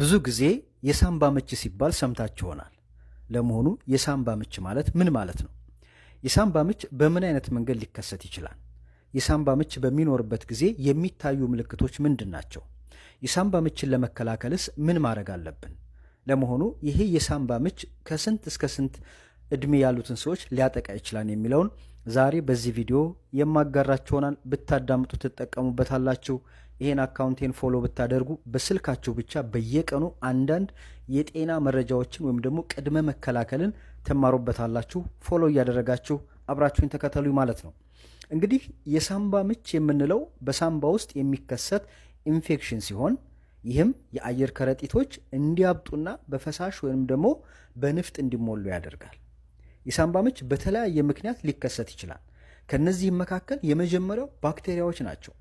ብዙ ጊዜ የሳምባ ምች ሲባል ሰምታችሁ ይሆናል። ለመሆኑ የሳምባ ምች ማለት ምን ማለት ነው? የሳምባ ምች በምን አይነት መንገድ ሊከሰት ይችላል? የሳምባ ምች በሚኖርበት ጊዜ የሚታዩ ምልክቶች ምንድን ናቸው? የሳምባ ምችን ለመከላከልስ ምን ማድረግ አለብን? ለመሆኑ ይሄ የሳምባ ምች ከስንት እስከ ስንት እድሜ ያሉትን ሰዎች ሊያጠቃ ይችላል የሚለውን ዛሬ በዚህ ቪዲዮ የማጋራችሁ ይሆናል። ብታዳምጡ ትጠቀሙበታላችሁ። ይህን አካውንቴን ፎሎ ብታደርጉ በስልካችሁ ብቻ በየቀኑ አንዳንድ የጤና መረጃዎችን ወይም ደግሞ ቅድመ መከላከልን ትማሩበታላችሁ። ፎሎ እያደረጋችሁ አብራችሁን ተከተሉ ማለት ነው። እንግዲህ የሳምባ ምች የምንለው በሳምባ ውስጥ የሚከሰት ኢንፌክሽን ሲሆን ይህም የአየር ከረጢቶች እንዲያብጡና በፈሳሽ ወይም ደግሞ በንፍጥ እንዲሞሉ ያደርጋል። የሳምባ ምች በተለያየ ምክንያት ሊከሰት ይችላል። ከነዚህም መካከል የመጀመሪያው ባክቴሪያዎች ናቸው።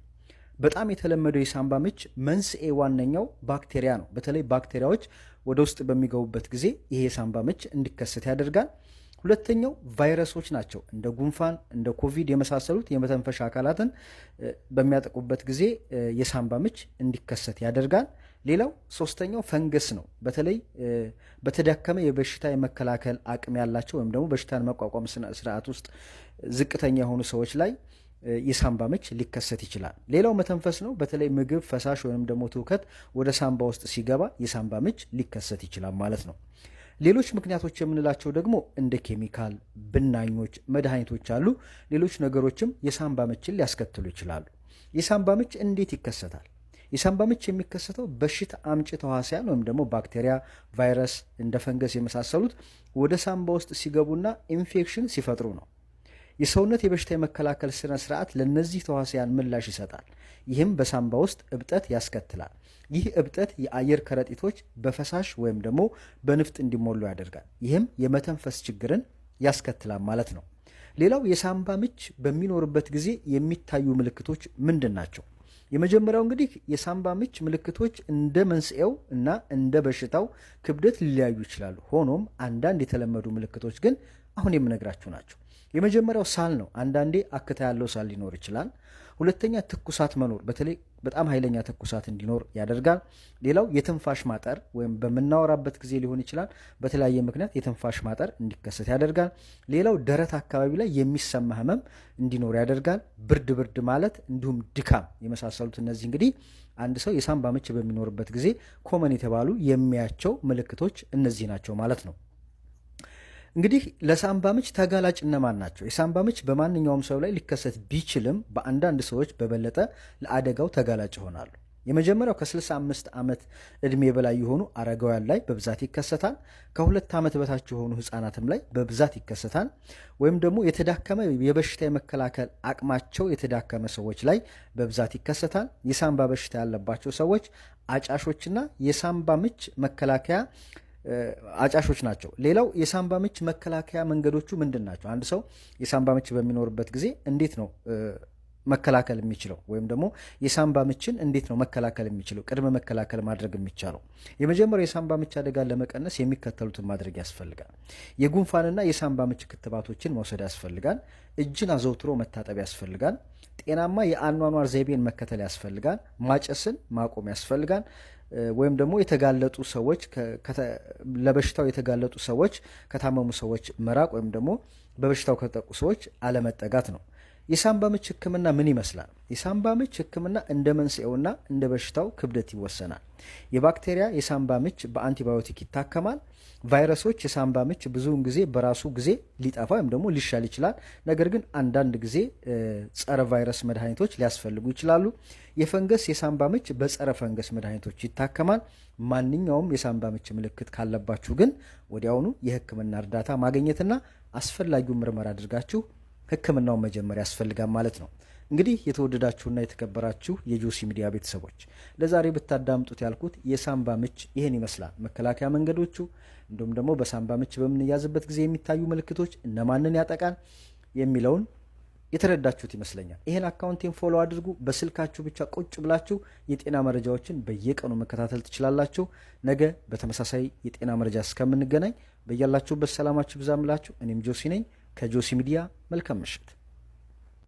በጣም የተለመደው የሳንባ ምች መንስኤ ዋነኛው ባክቴሪያ ነው። በተለይ ባክቴሪያዎች ወደ ውስጥ በሚገቡበት ጊዜ ይሄ የሳንባ ምች እንዲከሰት ያደርጋል። ሁለተኛው ቫይረሶች ናቸው። እንደ ጉንፋን፣ እንደ ኮቪድ የመሳሰሉት የመተንፈሻ አካላትን በሚያጠቁበት ጊዜ የሳንባ ምች እንዲከሰት ያደርጋል። ሌላው ሶስተኛው ፈንገስ ነው። በተለይ በተዳከመ የበሽታ የመከላከል አቅም ያላቸው ወይም ደግሞ በሽታን መቋቋም ስርዓት ውስጥ ዝቅተኛ የሆኑ ሰዎች ላይ የሳምባ ምች ሊከሰት ይችላል። ሌላው መተንፈስ ነው። በተለይ ምግብ፣ ፈሳሽ ወይም ደግሞ ትውከት ወደ ሳምባ ውስጥ ሲገባ የሳምባ ምች ሊከሰት ይችላል ማለት ነው። ሌሎች ምክንያቶች የምንላቸው ደግሞ እንደ ኬሚካል፣ ብናኞች፣ መድኃኒቶች አሉ። ሌሎች ነገሮችም የሳምባ ምችን ሊያስከትሉ ይችላሉ። የሳምባ ምች እንዴት ይከሰታል? የሳምባ ምች የሚከሰተው በሽታ አምጪ ተዋሲያን ወይም ደግሞ ባክቴሪያ፣ ቫይረስ እንደ ፈንገስ የመሳሰሉት ወደ ሳምባ ውስጥ ሲገቡና ኢንፌክሽን ሲፈጥሩ ነው። የሰውነት የበሽታ የመከላከል ስነ ስርዓት ለእነዚህ ተዋሲያን ምላሽ ይሰጣል። ይህም በሳምባ ውስጥ እብጠት ያስከትላል። ይህ እብጠት የአየር ከረጢቶች በፈሳሽ ወይም ደግሞ በንፍጥ እንዲሞሉ ያደርጋል። ይህም የመተንፈስ ችግርን ያስከትላል ማለት ነው። ሌላው የሳምባ ምች በሚኖርበት ጊዜ የሚታዩ ምልክቶች ምንድን ናቸው? የመጀመሪያው እንግዲህ የሳምባ ምች ምልክቶች እንደ መንስኤው እና እንደ በሽታው ክብደት ሊለያዩ ይችላሉ። ሆኖም አንዳንድ የተለመዱ ምልክቶች ግን አሁን የምነግራችሁ ናቸው። የመጀመሪያው ሳል ነው። አንዳንዴ አክታ ያለው ሳል ሊኖር ይችላል። ሁለተኛ ትኩሳት መኖር፣ በተለይ በጣም ኃይለኛ ትኩሳት እንዲኖር ያደርጋል። ሌላው የትንፋሽ ማጠር ወይም በምናወራበት ጊዜ ሊሆን ይችላል። በተለያየ ምክንያት የትንፋሽ ማጠር እንዲከሰት ያደርጋል። ሌላው ደረት አካባቢ ላይ የሚሰማ ህመም እንዲኖር ያደርጋል። ብርድ ብርድ ማለት እንዲሁም ድካም የመሳሰሉት እነዚህ እንግዲህ አንድ ሰው የሳምባ ምች በሚኖርበት ጊዜ ኮመን የተባሉ የሚያቸው ምልክቶች እነዚህ ናቸው ማለት ነው። እንግዲህ ለሳምባ ምች ተጋላጭ እነማን ናቸው? የሳምባ ምች በማንኛውም ሰው ላይ ሊከሰት ቢችልም በአንዳንድ ሰዎች በበለጠ ለአደጋው ተጋላጭ ይሆናሉ። የመጀመሪያው ከ65 ዓመት ዕድሜ በላይ የሆኑ አረጋውያን ላይ በብዛት ይከሰታል። ከሁለት ዓመት በታች የሆኑ ህፃናትም ላይ በብዛት ይከሰታል። ወይም ደግሞ የተዳከመ የበሽታ የመከላከል አቅማቸው የተዳከመ ሰዎች ላይ በብዛት ይከሰታል። የሳምባ በሽታ ያለባቸው ሰዎች፣ አጫሾችና የሳምባ ምች መከላከያ አጫሾች ናቸው። ሌላው የሳምባ ምች መከላከያ መንገዶቹ ምንድን ናቸው? አንድ ሰው የሳምባ ምች በሚኖርበት ጊዜ እንዴት ነው መከላከል የሚችለው ወይም ደግሞ የሳምባ ምችን እንዴት ነው መከላከል የሚችለው ቅድመ መከላከል ማድረግ የሚቻለው? የመጀመሪያው የሳምባ ምች አደጋን ለመቀነስ የሚከተሉትን ማድረግ ያስፈልጋል። የጉንፋንና የሳምባ ምች ክትባቶችን መውሰድ ያስፈልጋል። እጅን አዘውትሮ መታጠብ ያስፈልጋል። ጤናማ የአኗኗር ዘይቤን መከተል ያስፈልጋል። ማጨስን ማቆም ያስፈልጋል። ወይም ደግሞ የተጋለጡ ሰዎች ለበሽታው የተጋለጡ ሰዎች ከታመሙ ሰዎች መራቅ ወይም ደግሞ በበሽታው ከተጠቁ ሰዎች አለመጠጋት ነው። የሳምባ ምች ህክምና ምን ይመስላል? የሳምባ ምች ህክምና እንደ መንስኤውና እንደ በሽታው ክብደት ይወሰናል። የባክቴሪያ የሳምባ ምች በአንቲባዮቲክ ይታከማል። ቫይረሶች የሳምባ ምች ብዙውን ጊዜ በራሱ ጊዜ ሊጠፋ ወይም ደግሞ ሊሻል ይችላል። ነገር ግን አንዳንድ ጊዜ ጸረ ቫይረስ መድኃኒቶች ሊያስፈልጉ ይችላሉ። የፈንገስ የሳምባ ምች በጸረ ፈንገስ መድኃኒቶች ይታከማል። ማንኛውም የሳምባ ምች ምልክት ካለባችሁ ግን ወዲያውኑ የህክምና እርዳታ ማግኘትና አስፈላጊውን ምርመራ አድርጋችሁ ህክምናው መጀመር ያስፈልጋል ማለት ነው። እንግዲህ የተወደዳችሁና የተከበራችሁ የጆሲ ሚዲያ ቤተሰቦች ለዛሬ ብታዳምጡት ያልኩት የሳምባ ምች ይህን ይመስላል። መከላከያ መንገዶቹ፣ እንዲሁም ደግሞ በሳምባ ምች በምንያዝበት ጊዜ የሚታዩ ምልክቶች እነማንን ያጠቃል የሚለውን የተረዳችሁት ይመስለኛል። ይህን አካውንቴን ፎሎ አድርጉ። በስልካችሁ ብቻ ቁጭ ብላችሁ የጤና መረጃዎችን በየቀኑ መከታተል ትችላላችሁ። ነገ በተመሳሳይ የጤና መረጃ እስከምንገናኝ በያላችሁበት ሰላማችሁ ብዛምላችሁ። እኔም ጆሲ ነኝ። ከጆሲ ሚዲያ መልካም ምሽት